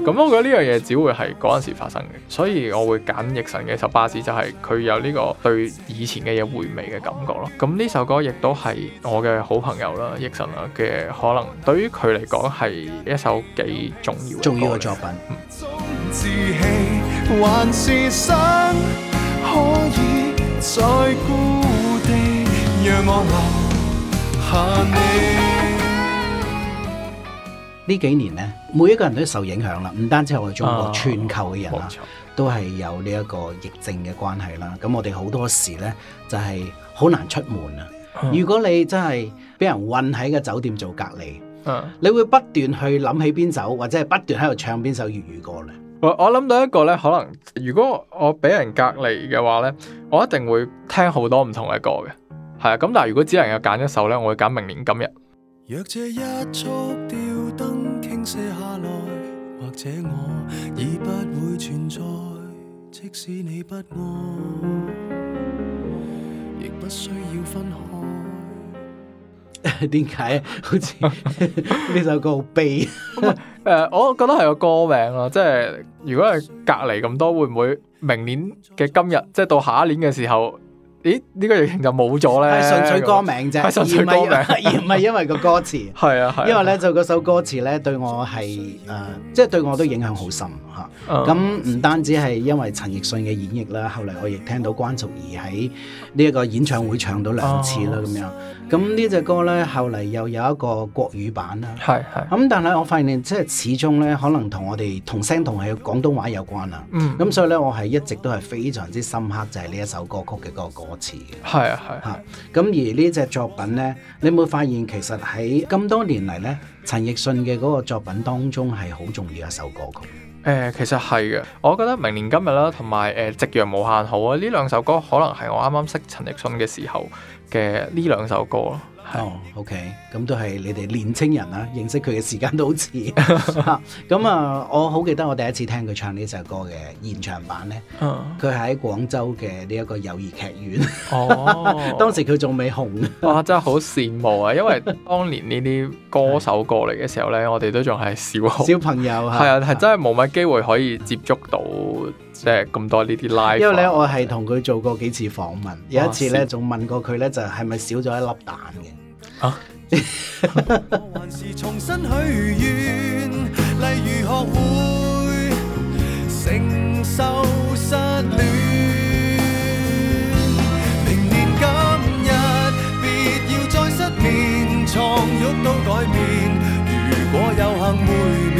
咁我覺得呢樣嘢只會係嗰陣時發生嘅，所以我會揀奕辰嘅一首巴士，就係、是、佢有呢個對以前嘅嘢回味嘅感覺咯。咁呢首歌亦都係我嘅好朋友啦，奕辰啦嘅可能對於佢嚟講係一首幾重要重要嘅作品。嗯還是想可以再故地，讓我留下你。呢幾年呢，每一個人都受影響啦，唔單止我哋中國全球嘅人啦，啊、都係有呢一個疫症嘅關係啦。咁我哋好多時呢，就係、是、好難出門啊。嗯、如果你真係俾人困喺個酒店做隔離，啊、你會不斷去諗起邊首，或者係不斷喺度唱邊首粵語歌咧。.我我諗到一個咧，可能如果我俾人隔離嘅話咧，我一定會聽好多唔同嘅歌嘅。係啊，咁但係如果只能夠揀一首咧，我會揀明年今日。若這一束吊燈傾瀉下來，或者我已不會存在，即使你不愛，亦不需要分開。點解？ 好似呢 首歌好悲 誒、 嗯，我覺得係個歌名咯、啊。即係如果係隔離咁多，會唔會明年嘅今日，即係到下一年嘅時候？咦？呢個疫情就冇咗咧，係純粹歌名啫，而唔係而唔係因為個歌詞。係啊，因為咧就嗰首歌詞咧對我係，誒，即係對我都影響好深吓。咁唔單止係因為陳奕迅嘅演繹啦，後嚟我亦聽到關淑怡喺呢一個演唱會唱到兩次啦，咁樣。咁呢隻歌咧後嚟又有一個國語版啦，係係。咁但係我發現，即係始終咧可能同我哋同聲同氣嘅廣東話有關啦。咁所以咧我係一直都係非常之深刻，就係呢一首歌曲嘅歌曲。歌詞係啊係吓咁而呢隻作品呢，你有冇發現其實喺咁多年嚟呢，陳奕迅嘅嗰個作品當中係好重要一首歌曲。誒、呃，其實係嘅，我覺得明年今日啦，同埋誒《夕陽無限好》啊，呢兩首歌可能係我啱啱識陳奕迅嘅時候。嘅呢兩首歌咯，哦、oh，OK，咁都係你哋年青人啦，認識佢嘅時間都好遲，咁 啊、 嗯，我好記得我第一次聽佢唱呢首歌嘅現場版呢，佢係喺廣州嘅呢一個友誼劇院， 當時佢仲未紅， 哇，真係好羨慕啊，因為當年呢啲歌手過嚟嘅時候呢， 我哋都仲係小學小朋友，係啊， 係真係冇乜機會可以接觸到。即係咁多呢啲 live。因為咧，我係同佢做過幾次訪問，有一次咧，仲問過佢咧，就係咪少咗一粒蛋嘅。啊，還是重新許願，例如學會承受失戀，明年今日別要再失眠，床褥都改變，如果有幸會面。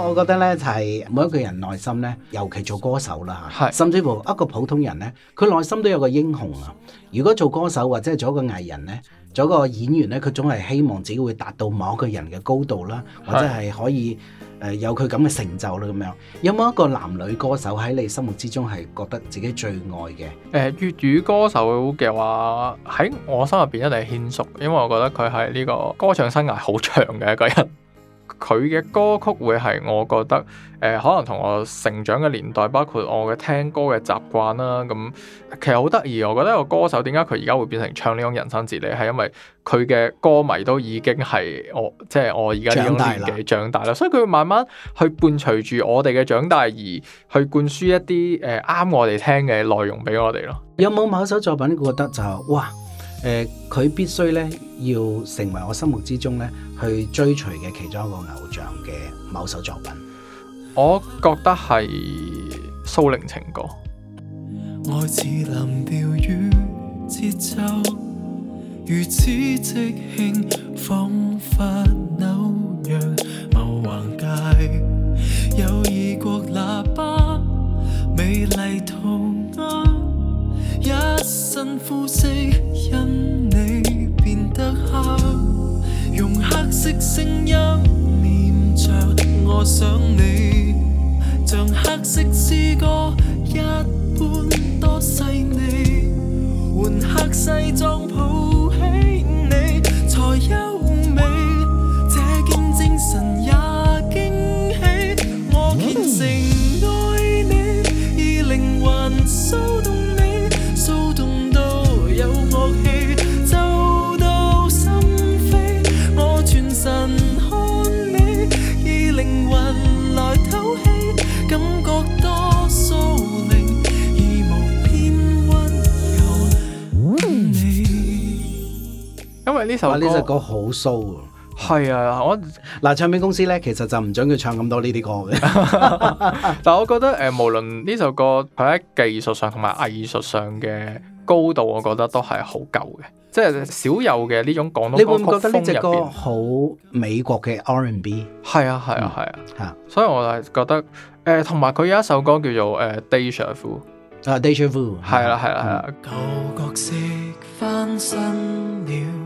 我覺得呢，就係、是、每一個人內心呢，尤其做歌手啦，是甚至乎一個普通人呢，佢內心都有個英雄啊。如果做歌手或者做一個藝人呢，做一個演員呢，佢總係希望自己會達到某一個人嘅高度啦，或者係可以誒是、呃、有佢咁嘅成就啦咁樣。有冇一個男女歌手喺你心目之中係覺得自己最愛嘅？誒、呃，粵語歌手嘅話喺我心入邊一定係軒叔，因為我覺得佢係呢個歌唱生涯好長嘅一個人。佢嘅歌曲會係我覺得，誒、呃、可能同我成長嘅年代，包括我嘅聽歌嘅習慣啦。咁、嗯、其實好得意，我覺得個歌手點解佢而家會變成唱呢種人生哲理，係因為佢嘅歌迷都已經係我，即係我而家呢種年紀長大啦。長大所以佢會慢慢去伴隨住我哋嘅長大，而去灌輸一啲誒啱我哋聽嘅內容俾我哋咯。有冇某首作品覺得就哇？誒，佢必須咧要成為我心目之中咧去追隨嘅其中一個偶像嘅某首作品，我覺得係《蘇寧情歌》。一身膚色因你變得黑，用黑色聲音念着我想你，像黑色詩歌一般多細膩，換黑西裝抱起你才休。呢首歌好騷㗎，係啊，啊！我嗱、啊、唱片公司咧，其實就唔准佢唱咁多呢啲歌嘅。 但係我覺得，誒、呃，無論呢首歌佢喺技術上同埋藝術上嘅高度，我覺得都係好夠嘅。即係少有嘅呢種廣東。你會唔覺得呢隻歌好美國嘅 R&B？n 係啊，係啊，係啊，吓、啊！所以我就係覺得，誒、呃，同埋佢有一首歌叫做《誒、呃、Deja Vu》uh, De ja、啊，《Deja Vu》係啦，係啦，係啦。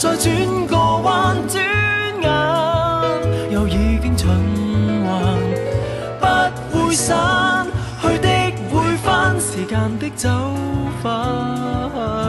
再轉個彎，轉眼又已經循環，不會散，去的會返，時間的走法。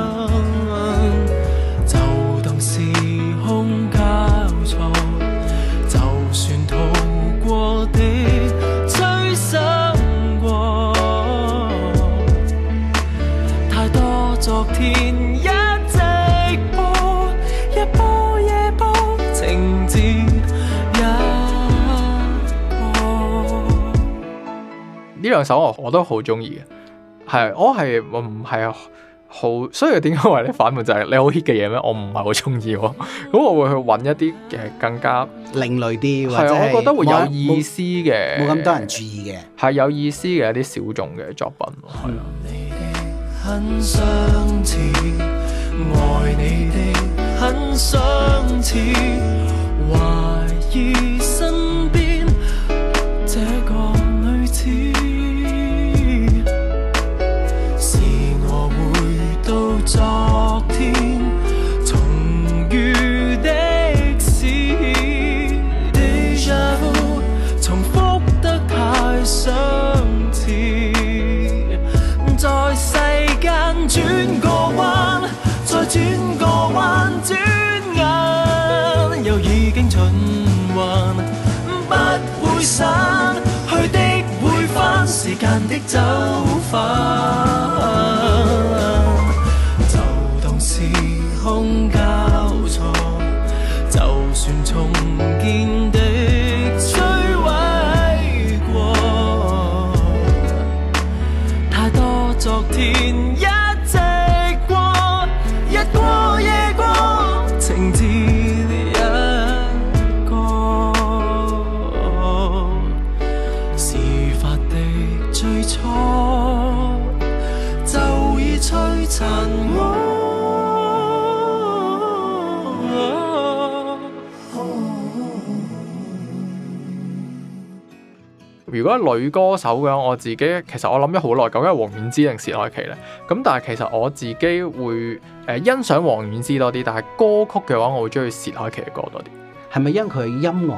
呢兩首我我都好中意嘅，係我係唔係好，所以點解話你反叛就係你好 hit 嘅嘢咩？我唔係好中意，咁 我會去搵一啲嘅更加另類啲，係啊，我覺得會有意思嘅，冇咁多人注意嘅，係有意思嘅一啲小眾嘅作品，係啊。嗯 昨天重遇的事，déjà vu 重複得太相似，在世間轉個彎，再轉個彎，轉眼又已經循環，不會散，去的會返，時間的走法。如果女歌手嘅話，我自己其實我諗咗好耐究竟係黃菀之定薛凱琪呢？咁但係其實我自己會誒、呃、欣賞黃菀之多啲，但係歌曲嘅話，我會中意薛凱琪嘅歌多啲。係咪因佢嘅音樂，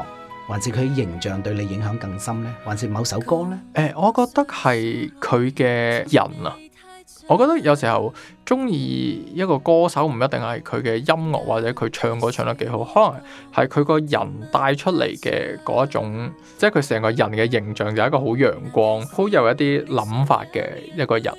還是佢形象對你影響更深呢？還是某首歌呢？誒、呃，我覺得係佢嘅人啊。我覺得有時候中意一個歌手唔一定係佢嘅音樂或者佢唱歌唱得幾好，可能係佢個人帶出嚟嘅嗰一種，即係佢成個人嘅形象就係一個好陽光、好有一啲諗法嘅一個人，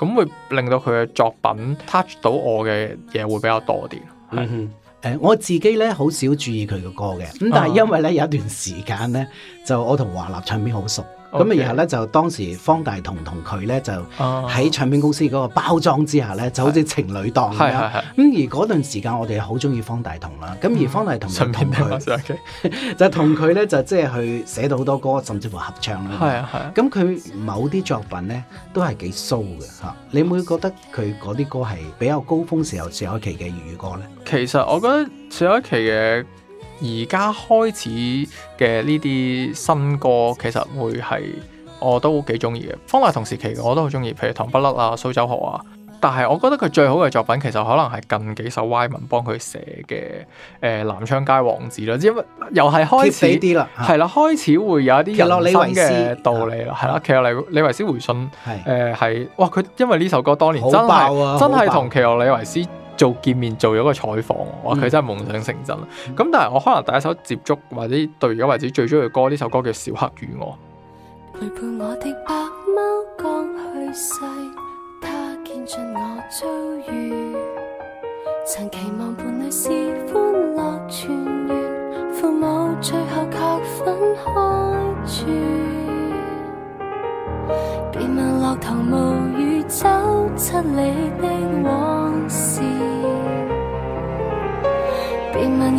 咁會令到佢嘅作品 touch 到我嘅嘢會比較多啲。誒、嗯呃，我自己咧好少注意佢嘅歌嘅，咁但係因為咧、啊、有一段時間咧，就我同華納唱片好熟。咁 Okay. 然後咧就當時方大同同佢咧就喺唱片公司嗰個包裝之下咧，就好似情侶檔咁樣。咁 而嗰段時間，我哋好中意方大同啦。咁、嗯、而方大同同佢， 就同佢咧就即係去寫到好多歌，甚至乎合唱啦。係啊係啊。咁佢某啲作品咧都係幾騷嘅嚇。你會覺得佢嗰啲歌係比較高峰時候薛凱琪嘅粵語歌咧？其實我覺得薛凱琪嘅。而家開始嘅呢啲新歌，其實會係我都幾中意嘅，方大同時期我都好中意，譬如唐不甩啊、蘇州河啊。但係我覺得佢最好嘅作品其實可能係近幾首 Y 文幫佢寫嘅誒、呃《南昌街王子》啦，因為又係開始係、啊、啦，開始會有一啲人生嘅道理啦，係啦。奇洛李李維斯、啊、李李維斯回信誒係、啊是呃、哇，佢因為呢首歌當年真係是、啊、真係同奇洛李維斯。做見面做咗個採訪，我覺得佢真係夢想成真咁，嗯、但係我可能第一首接觸或者到而家為止最中意嘅歌，呢首歌叫《小黑與我》。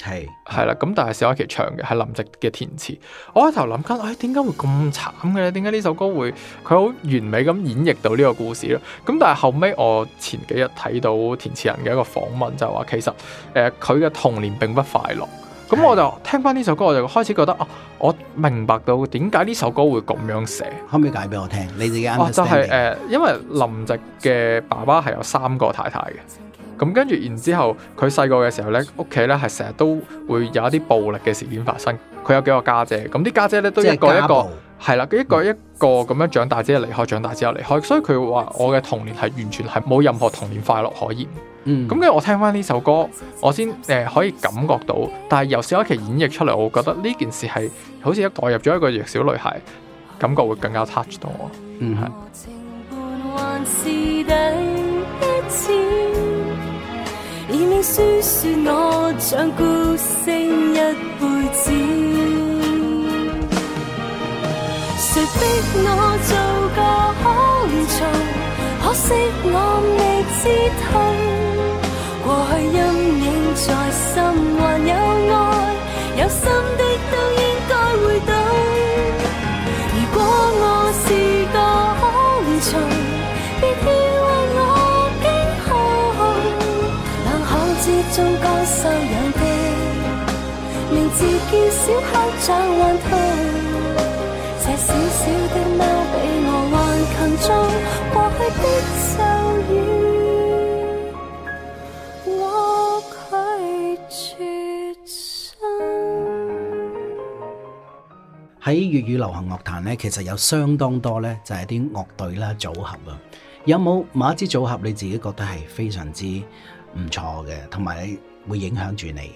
係係啦，咁是但係小凱琪唱嘅係林夕嘅填詞。我開頭諗緊，誒、哎，點解會咁慘嘅咧？點解呢首歌會佢好完美咁演繹到呢個故事咧？咁但係後尾我前幾日睇到填詞人嘅一個訪問，就話、是、其實誒佢嘅童年並不快樂。咁、嗯、是我就聽翻，呢首歌，我就開始覺得，哦、啊，我明白到點解呢首歌會咁樣寫。可唔可以解俾我聽，你自己啱、啊、就係、是、誒、呃，因為林夕嘅爸爸係有三個太太嘅。咁跟住，然之後佢細個嘅時候咧，屋企咧係成日都會有一啲暴力嘅事件發生。佢有幾個家姐，姐，咁啲家姐咧都一個一個，係啦，一個一個咁樣長大之後離開，長大之後離開。所以佢話：我嘅童年係完全係冇任何童年快樂可言。咁跟住我聽翻呢首歌，我先誒、呃、可以感覺到。但係由小學期演繹出嚟，我覺得呢件事係好似一代入咗一個弱小女孩，感覺會更加 touch 到我。嗯，係。自命輸說我像孤星一輩子，誰逼我做個可憐蟲？可惜我未知痛，過去陰影在心，還有愛有心的。小我我拒喺粵語流行樂壇呢，其實有相當多呢，就係啲樂隊啦、組合啊。有冇某一支組合你自己覺得係非常之唔錯嘅，同埋會影響住你？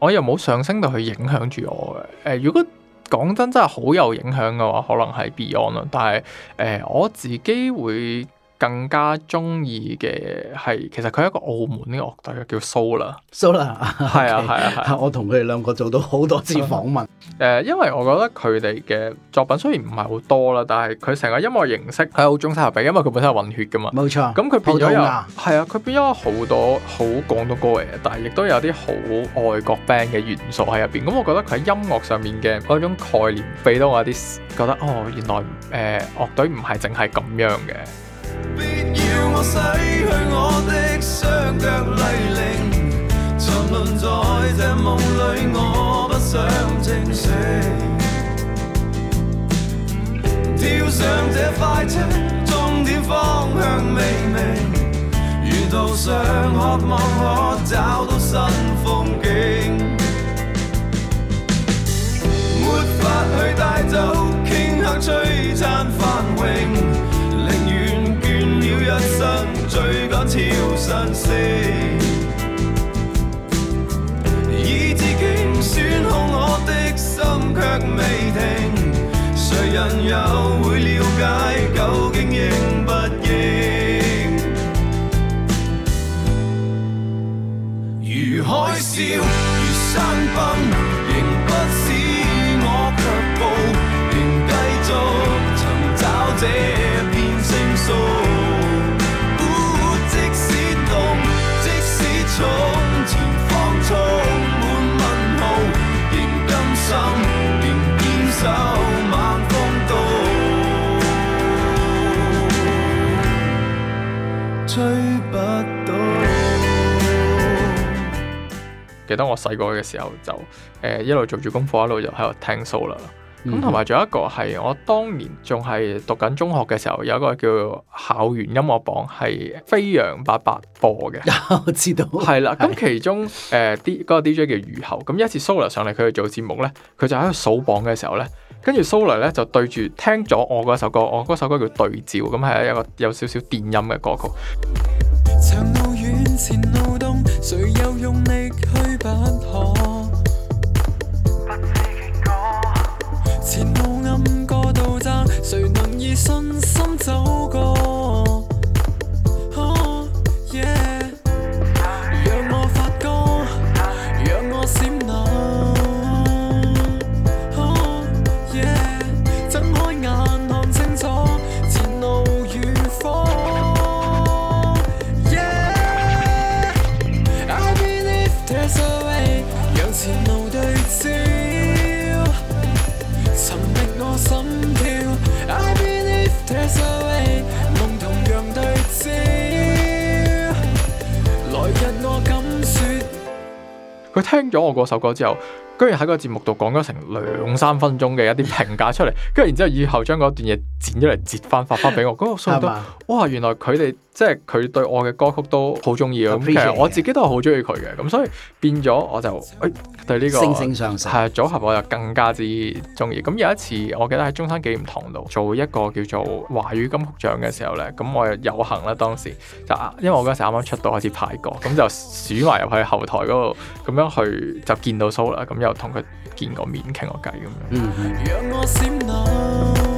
我又冇上升到去影響住我嘅，誒、呃，如果講真真係好有影響嘅話，可能係 Beyond 啊，但係誒、呃，我自己會更加中意嘅係其實佢係一個澳門嘅樂隊叫 Soler Soler，係啊係啊係。我同佢哋兩個做到好多次訪問，誒， 因為我覺得佢哋嘅作品雖然唔係好多啦，但係佢成個音樂形式係好中西合璧，因為佢本身係混血噶嘛，冇錯。咁佢變咗有啊，佢、啊、變咗好多好廣東歌嚟，但係亦都有啲好外國 band 嘅元素喺入邊。咁我覺得佢喺音樂上面嘅嗰種概念俾到我啲覺得哦，原來誒、呃、樂隊唔係淨係咁樣嘅。別要我失去我的雙腳泥濘，沉淪在這夢裏，我不想清醒。跳上這快車，終點方向未明，沿途上渴望可找到新風景，沒法去帶走傾刻璀璨繁榮。一生最敢超信心，意志勁，損耗我的心卻未停。誰人又會了解究竟應不應？ 如海嘯，如山崩，仍不使我卻步，仍繼續尋找這片星宿。前方充滿問號，仍堅守，猛風都吹不到。記得我細個嘅時候就誒、呃、一路做住功課一路就喺度聽書啦。咁同埋仲有一個係我當年仲係讀緊中學嘅時候，有一個叫校園音樂榜係飛揚八八播嘅， 我知道。係啦的，咁的其中誒啲嗰個 DJ 叫魚后，咁一次 Soler 上嚟佢去做節目咧，佢就喺度數榜嘅時候咧，跟住 Soler 咧就對住聽咗我嗰首歌，我嗰首歌叫對照，咁係一個有少少電音嘅歌曲。路前，又 用樂聽咗我嗰首歌之後，居然喺個節目度講咗成兩三分鐘嘅一啲評價出嚟，跟住然之後以後將嗰段嘢。剪咗嚟折翻發翻俾我，嗰個蘇都哇，原來佢哋即係佢對我嘅歌曲都好中意咁。 其實我自己都係好中意佢嘅，咁所以變咗我就誒、哎、對呢、這個係組合，我又更加之中意。咁有一次我記得喺中山紀念堂度做一個叫做華語金曲獎嘅時候咧，咁我又有幸啦，當時就因為我嗰陣時啱啱出道開始排歌，咁就鼠埋入去後台嗰度，咁樣去就見到蘇啦，咁又同佢見過面傾過偈咁樣。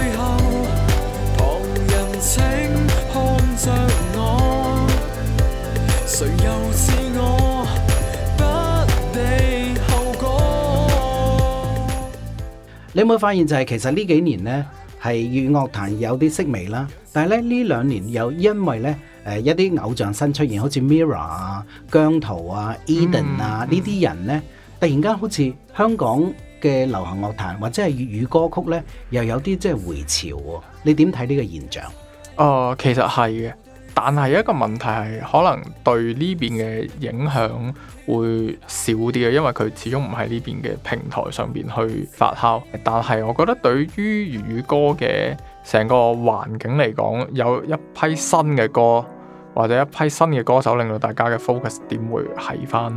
你有冇發現就係其實呢幾年咧係粵樂壇有啲式微啦，但係咧呢兩年又因為呢誒、呃、一啲偶像新出現，好似 Mirror 啊、姜濤啊、Eden 啊呢啲、嗯、人呢，突然間好似香港嘅流行樂壇或者係粵語歌曲呢，又有啲即係回潮喎、啊，你點睇呢個現象？哦，其實係嘅。但係一個問題係，可能對呢邊嘅影響會少啲啊，因為佢始終唔喺呢邊嘅平台上邊去發酵。但係我覺得對於粵語歌嘅成個環境嚟講，有一批新嘅歌或者一批新嘅歌手，令到大家嘅 focus 點會係翻，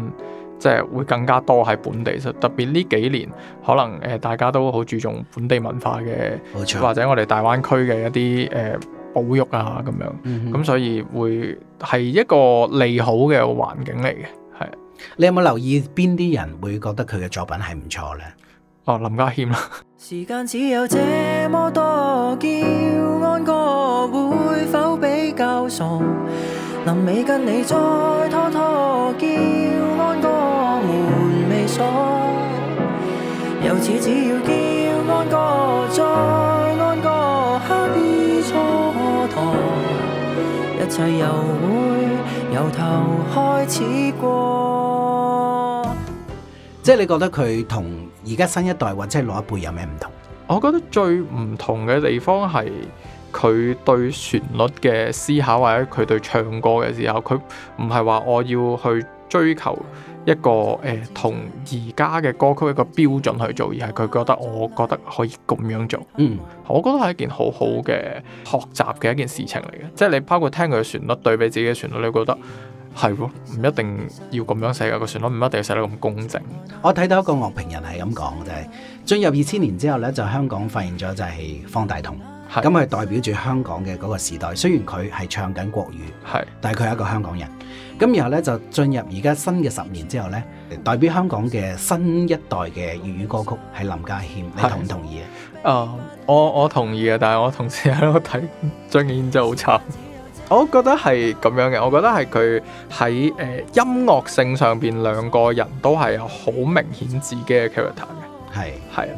即係會更加多喺本地。特別呢幾年，可能誒大家都好注重本地文化嘅，冇錯。或者我哋大灣區嘅一啲誒。呃保育啊咁樣，咁、mm hmm. 嗯、所以會係一個利好嘅環境嚟嘅，係。你有冇留意邊啲人會覺得佢嘅作品係唔錯咧？哦，林家謙啦。一切又會由頭開始過，即係你覺得佢同而家新一代或者係老一輩有咩唔同？我覺得最唔同嘅地方係佢對旋律嘅思考，或者佢對唱歌嘅時候，佢唔係話我要去。追求一個誒、欸、同而家嘅歌曲一個標準去做，而係佢覺得我覺得可以咁樣做。嗯，我覺得係一件好好嘅學習嘅一件事情嚟嘅，即係你包括聽佢嘅旋律對比自己嘅旋律，你覺得係喎，唔一定要咁樣寫嘅個旋律，唔一定要寫得咁工整。我睇到一個樂評人係咁講，就係、是、進入二千年之後咧，就香港發現咗就係方大同。咁係是代表住香港嘅嗰個時代，雖然佢係唱緊國語，係是，但係佢係一個香港人。咁然後咧就進入而家新嘅十年之後咧，代表香港嘅新一代嘅粵語歌曲係林家謙，是你同唔同意啊？誒、呃，我我同意嘅，但係我同時喺度睇張敬就好慘，我都覺得係咁樣嘅。我覺得係佢喺誒音樂性上邊兩個人都係有好明顯自己嘅 character 嘅，係係是是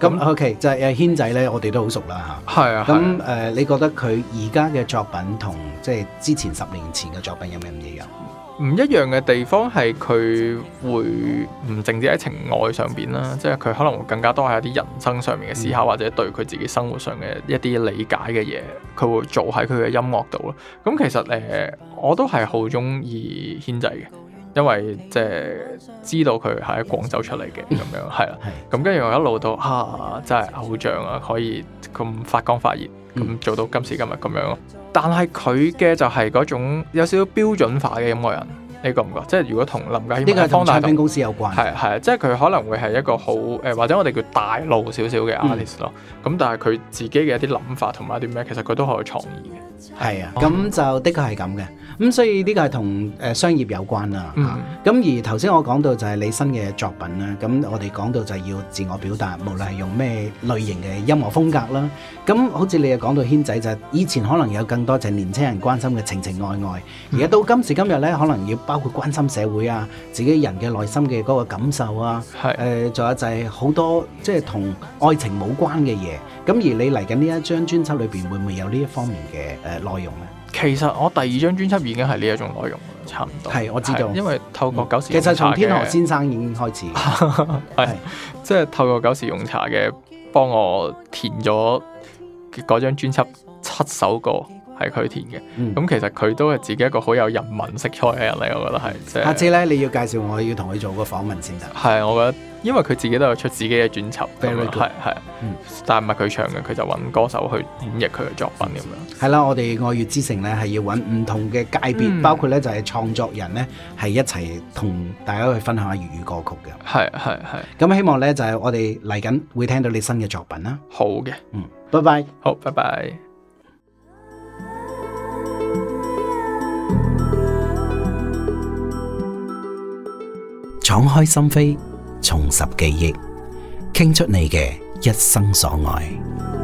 咁 OK，就係阿軒仔咧，我哋都好熟啦嚇。係啊，咁誒、嗯，啊、你覺得佢而家嘅作品同即係之前十年前嘅作品有咩唔一樣啊？唔一樣嘅地方係佢會唔淨止喺情愛上邊啦，嗯、即係佢可能會更加多係一啲人生上面嘅思考，或者對佢自己生活上嘅一啲理解嘅嘢，佢會做喺佢嘅音樂度咯。咁其實誒、呃，我都係好中意軒仔嘅。因為即係知道佢喺廣州出嚟嘅咁樣，係啦，咁跟住我一路都啊，真係偶像啊！可以咁發光發熱，咁做到今時今日咁樣咯。但係佢嘅就係嗰種有少少標準化嘅音樂人，你覺唔覺？即係如果同林家謙，呢個同唱片公司有關，係係，即係佢可能會係一個好誒，或者我哋叫大路少少嘅 artist 咯。咁、嗯、但係佢自己嘅一啲諗法同埋一啲咩，其實佢都好有創意嘅。係啊，咁就的確係咁嘅，咁所以呢個係同誒商業有關啦、啊，咁、嗯、而頭先我講到就係你新嘅作品啦，咁我哋講到就係要自我表達，無論係用咩類型嘅音樂風格啦，咁好似你又講到軒仔就係、以前可能有更多就係年青人關心嘅情情愛愛，嗯、而家到今時今日呢，可能要包括關心社會啊，自己人嘅內心嘅嗰個感受啊，係是，仲、呃、有就係好多即係同愛情冇關嘅嘢，咁而你嚟緊呢一張專輯裏邊會唔會有呢一方面嘅？呃誒內容咧，其實我第二張專輯已經係呢一種內容，差唔多係我知道，因為透過九時，嗯，其實從天河先生已經開始，係 是是即係透過九時用茶嘅幫我填咗嗰張專輯七首歌。係佢填嘅，咁其實佢都係自己一個好有人文色彩嘅人嚟，我覺得係。下次咧，你要介紹我要同佢做個訪問先得。係，我覺得，因為佢自己都有出自己嘅專輯，係係，但係唔係佢唱嘅，佢就揾歌手去演繹佢嘅作品咁樣。係啦，我哋愛粵之城咧係要揾唔同嘅界別，包括咧就係創作人咧係一齊同大家去分享下粵語歌曲嘅。係係係。咁希望咧就係我哋嚟緊會聽到你新嘅作品啦。好嘅，嗯，拜拜，好，拜拜。敞開心扉，重拾記憶，傾出你嘅一生所愛。